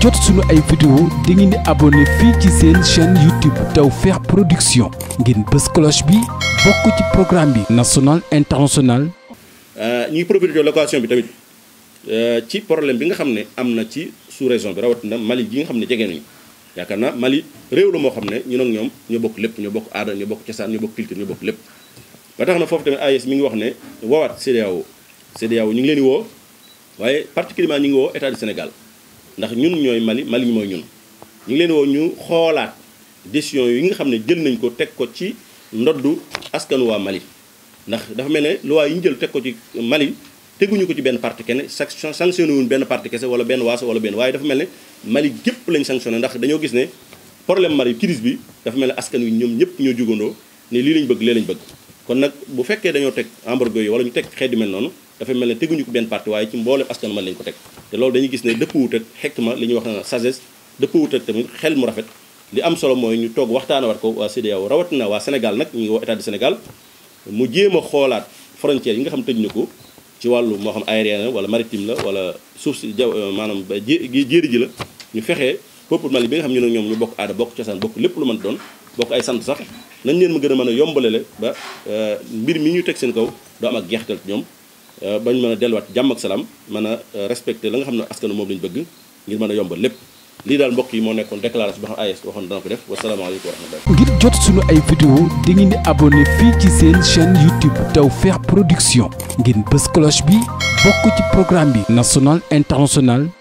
jot suñu ay vidéo da ngeen di abonné fii ci seen chaîne YouTube Tawfekh Production ngeen bës cloche bi bokk ci programme bi national international euh, ñuy profité de location bi tamit euh, ci problème bi nga xam ne am na ci sous région bi rawatina Mali gi nga xam ne jege nañu yaakaar naa Mali réew la moo xam ne ñu ak ñoom ñoo bokk lépp ñoo bokk aada ñoo bokk cosaan ñoo bokk culture ñoo bokk lépp ba tax na foofu tamit AES mi ngi wax ne woowaat CEDEAO CEDEAO ñu ngi leen di woo waaye particulièrement ñu ngi woo état du ndax ñun ñooy Mali Mali mooy ñun. ñu ngi leen woo ñu xoolaat décision yi nga xam ne jël nañ ko teg ko ci ndoddu askanu waa Mali ndax dafa mel ne loi yi ñu jël teg ko ci Mali teguñu ko ci benn parti kenn sanctionné wuñ benn parti kese wala benn waaso wala benn waaye dafa mel ne Mali gépp lañ sanctionné ndax dañoo gis ne problème Mali crise bi dafa mel ne askan wi ñoom ñëpp ñoo jugandoo ne lii lañ bëgg lee lañ bëgg kon nag bu fekkee dañoo teg embargo yi wala ñu teg xeet yu mel noonu dafa mel ne teguñu ko benn parti waaye ci mboolem askan mën lañ ko teg te loolu dañuy gis ne dëppwut ak xekma li ñuy wax na sagesse dëppwut ak tamit xel mu rafet li am solo mooy ñu toog waxtaana wat ko waa CEDEAO rawatina waa Sénégal nag ñu ngi woo état du Sénégal mu jéem a xoolaat frontières yi nga xam tëj na ko ci wàllu moo xam aérien la wala maritime la wala suuf si jaw euh, maanaam jéeri ji la ñu fexe peuple Mali bi nga xam ñu ne ñoom ñu bokk aada bokk cosaan bokk lépp lu mën doon bokk ay sant sax nañ leen ma gën a mën a yombale la ba euh, mbir mi ñu teg seen kaw doo am ak jeexital ñoom Euh, bañ ma a delluwaat jàmm ak salaam mën a euh, respecté la nga xam ne askanu moom lañu bëgg ngir mën a yombal lépp lii daal mbokk yi moo nekkoon déclaration bi xam AES waxoon dana ko def wasalaamaaleykum wa rahmatulah. ngir jot suñu ay vidéo di ngeen di abonné fii ci seen chaîne YouTube Tawfekh Production ngeen bës cloche bi bokk ci programme bi national international.